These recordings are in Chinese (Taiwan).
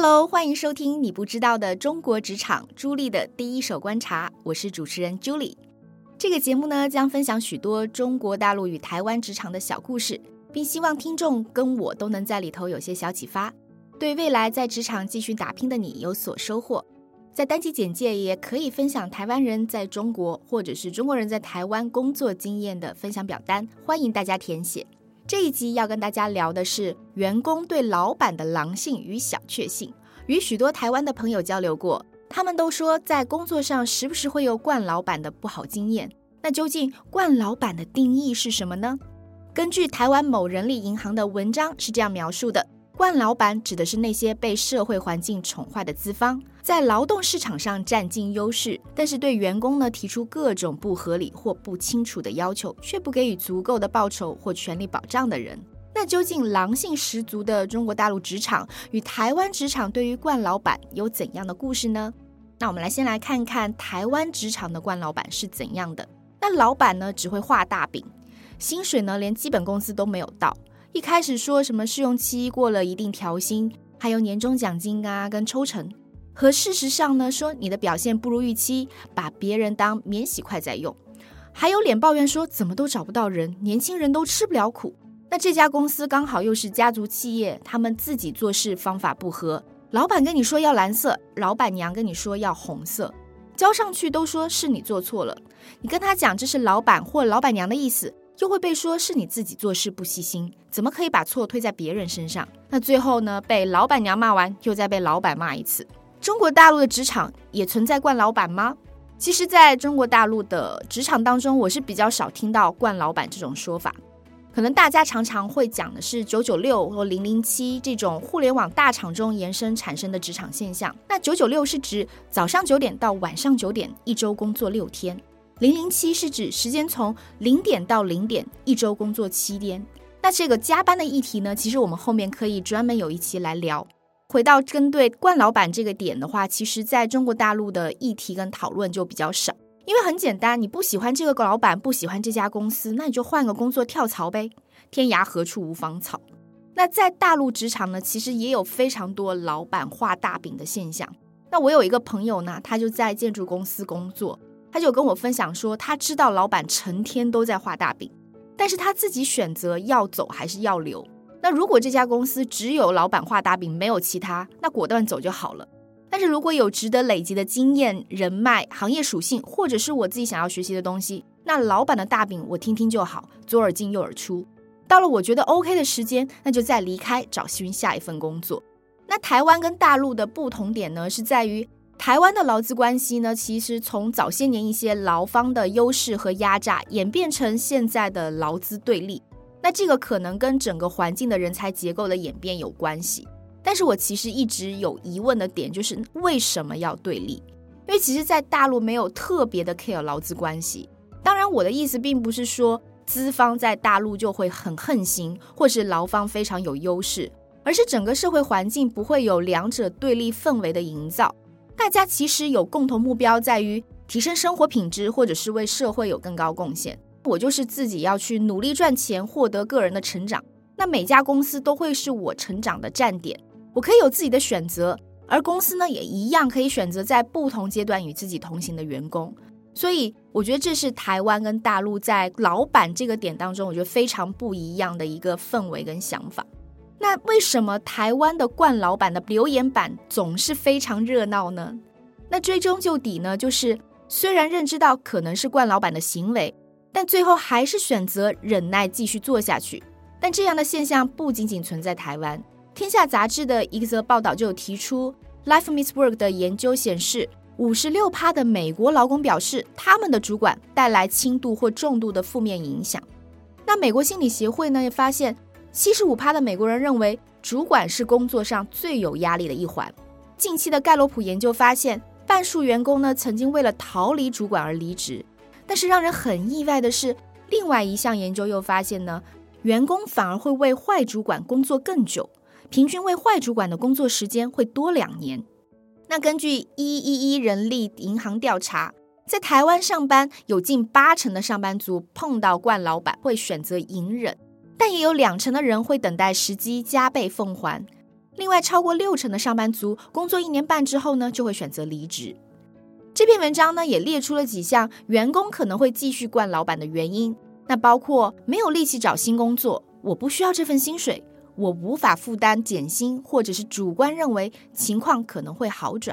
Hello，歡迎收聽你不知道的中國職場朱俐的第一手觀察，我是主持人 Julie。這個節目呢，將分享許多中國大陸與台灣職場的小故事，並希望聽眾跟我都能在裡頭有些小啟發，對未來在職場繼續打拼的你有所收穫。在單集簡介也可以分享台灣人在中國或者是中國人在台灣工作經驗的分享表單，歡迎大家填寫。這一集要跟大家聊的是員工對老板的狼性與小確幸。與許多台灣的朋友交流過，他們都說在工作上時不時會有慣老板的不好經驗。那究竟慣老板的定義是什麼呢？根據台灣某人力銀行的文章是這樣描述的。慣老闆指的是那些被社會環境寵壞的資方，在勞動市場上佔盡優勢，但是對員工呢提出各種不合理或不清楚的要求，卻不給予足夠的報酬或權利保障的人。那究竟狼性十足的中國大陸職場與台灣職場對於慣老闆有怎樣的故事呢？那我們來先來看看台灣職場的慣老闆是怎樣的。那老板呢只會畫大餅，薪水呢連基本工資都沒有到。一開始說什麼試用期過了一定調薪，還有年終獎金啊跟抽成，和事實上呢說你的表現不如預期，把別人當免洗筷在用，還有臉抱怨說怎麼都找不到人，年輕人都吃不了苦。那這家公司剛好又是家族企業，他們自己做事方法不合，老板跟你說要藍色，老板娘跟你說要紅色，交上去都說是你做錯了，你跟他講這是老板或老板娘的意思。又會被說是你自己做事不細心，怎麼可以把錯推在別人身上？那最後呢，被老闆娘罵完，又再被老闆罵一次。中國大陸的職場也存在慣老闆嗎？其實，在中國大陸的職場當中，我是比較少聽到慣老闆這種說法。可能大家常常會講的是九九六或零零七這種互聯網大廠中延伸產生的職場現象。那九九六是指早上九點到晚上九點，一週工作六天。零零七是指時間從零點到零點，一周工作七天。那這個加班的議題呢，其實我們後面可以專門有一期來聊。回到針對慣老闆這個點的話，其實在中國大陸的議題跟討論就比較少，因為很簡單，你不喜歡這個老板，不喜歡這家公司，那你就換個工作跳槽唄。天涯何處無芳草。那在大陸職場呢，其實也有非常多老板畫大餅的現象。那我有一個朋友呢，他就在建築公司工作。他就跟我分享說，他知道老板成天都在畫大餅，但是他自己選擇要走還是要留。那如果這家公司只有老板畫大餅，沒有其他，那果斷走就好了。但是如果有值得累積的經驗、人脈、行業屬性，或者是我自己想要學習的東西，那老板的大餅我聽聽就好，左耳進右耳出。到了我覺得 OK 的時間，那就再離開，找尋下一份工作。那台灣跟大陸的不同點呢，是在於。台灣的勞資關係呢，其實從早些年一些勞方的優勢和壓榨，演變成現在的勞資對立。那這個可能跟整個環境的人才結構的演變有關係。但是我其實一直有疑問的點就是，為什麼要對立？因為其實，在大陸沒有特別的 care 勞資關係。當然，我的意思並不是說資方在大陸就會很狠心，或是勞方非常有優勢，而是整個社會環境不會有兩者對立氛圍的營造。大家其實有共同目標，在於提升生活品質，或者是為社會有更高貢獻。我就是自己要去努力賺錢，獲得個人的成長。那每家公司都會是我成長的站點，我可以有自己的選擇。而公司呢，也一樣可以選擇在不同階段與自己同行的員工。所以，我覺得這是台灣跟大陸在老闆這個點當中，我覺得非常不一樣的一個氛圍跟想法。那為什麼台灣的慣老闆，的留言板總是非常熱鬧呢？那追根究底呢，就是雖然認知到可能是慣老闆的行為，但最後還是選擇忍耐繼續做下去。但這樣的現象不僅僅存在台灣，《天下雜誌》的一個則報道就有提出，Life Meets Work 的研究顯示，五十六%的美國勞工表示，他們的主管帶來輕度或重度的負面影響。那美國心理協會呢，也發現。七十五趴的美國人認為，主管是工作上最有壓力的一環。近期的蓋洛普研究發現，半數員工呢曾經為了逃離主管而離職。但是讓人很意外的是，另外一項研究又發現呢，員工反而會為壞主管工作更久，平均為壞主管的工作時間會多兩年。那根據一一一人力銀行調查，在台灣上班有近八成的上班族碰到慣老闆會選擇隱忍。但也有兩成的人會等待時機加倍奉還，另外超過六成的上班族工作一年半之後呢，就會選擇離職。這篇文章呢也列出了幾項員工可能會繼續慣老板的原因，那包括沒有力氣找新工作，我不需要這份薪水，我無法負擔減薪，或者是主觀認為情況可能會好轉。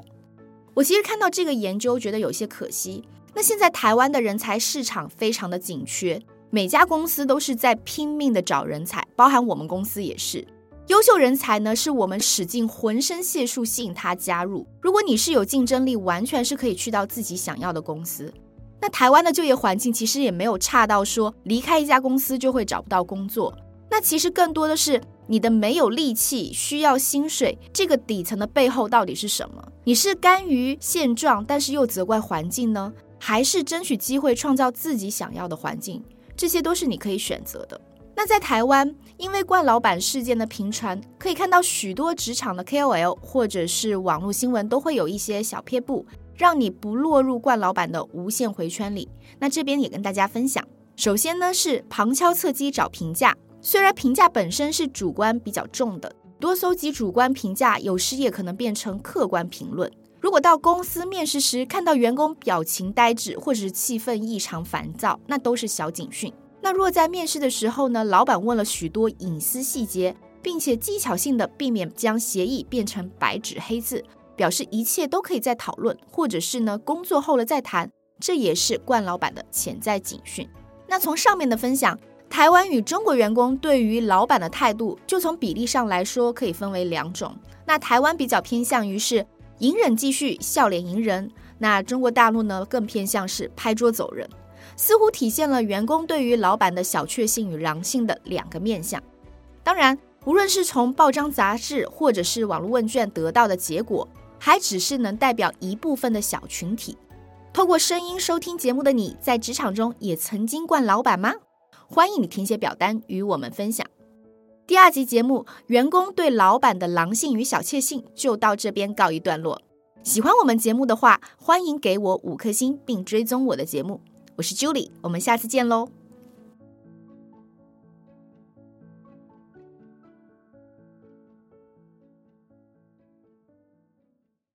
我其實看到這個研究，覺得有些可惜。那現在台灣的人才市場非常的緊缺。每家公司都是在拼命的找人才，包含我們公司也是。優秀人才呢，是我們使盡渾身解數吸引他加入。如果你是有競爭力，完全是可以去到自己想要的公司。那台灣的就業環境其實也沒有差到說離開一家公司就會找不到工作。那其實更多的是你的沒有力氣，需要薪水。這個底層的背後到底是什麼？你是甘於現狀，但是又責怪環境呢？還是爭取機會，創造自己想要的環境？這些都是你可以選擇的。那在台灣，因為慣老闆事件的頻傳，可以看到許多職場的 KOL 或者是網絡新聞都會有一些小撇步，讓你不落入慣老闆的無限回圈裡。那這邊也跟大家分享，首先呢是旁敲側擊找評價，雖然評價本身是主觀比較重的，多蒐集主觀評價，有時也可能變成客觀評論。如果到公司面試時，看到員工表情呆滯或者是氣氛異常煩躁，那都是小警訊。那若在面試的時候呢，老板問了許多隱私細節，並且技巧性的避免將協議變成白紙黑字，表示一切都可以再討論，或者是呢工作後了再談，這也是慣老闆的潛在警訊。那從上面的分享，台灣與中國員工對於老板的態度，就從比例上來說可以分為兩種。那台灣比較偏向於是。隱忍繼續，笑臉迎人；那中國大陸呢，更偏向是拍桌走人，似乎體現了員工對於老板的小確幸與狼性的兩個面相。當然，無論是從報章雜誌或者是網絡問卷得到的結果，還只是能代表一部分的小群體。透過聲音收聽節目的你，在職場中也曾經慣老板嗎？歡迎你填寫表單與我們分享。第二集節目《員工對老板的狼性與小確幸》就到這邊告一段落。喜歡我們節目的話，歡迎給我五顆星並追蹤我的節目。我是 Julie，我們下次見嘍。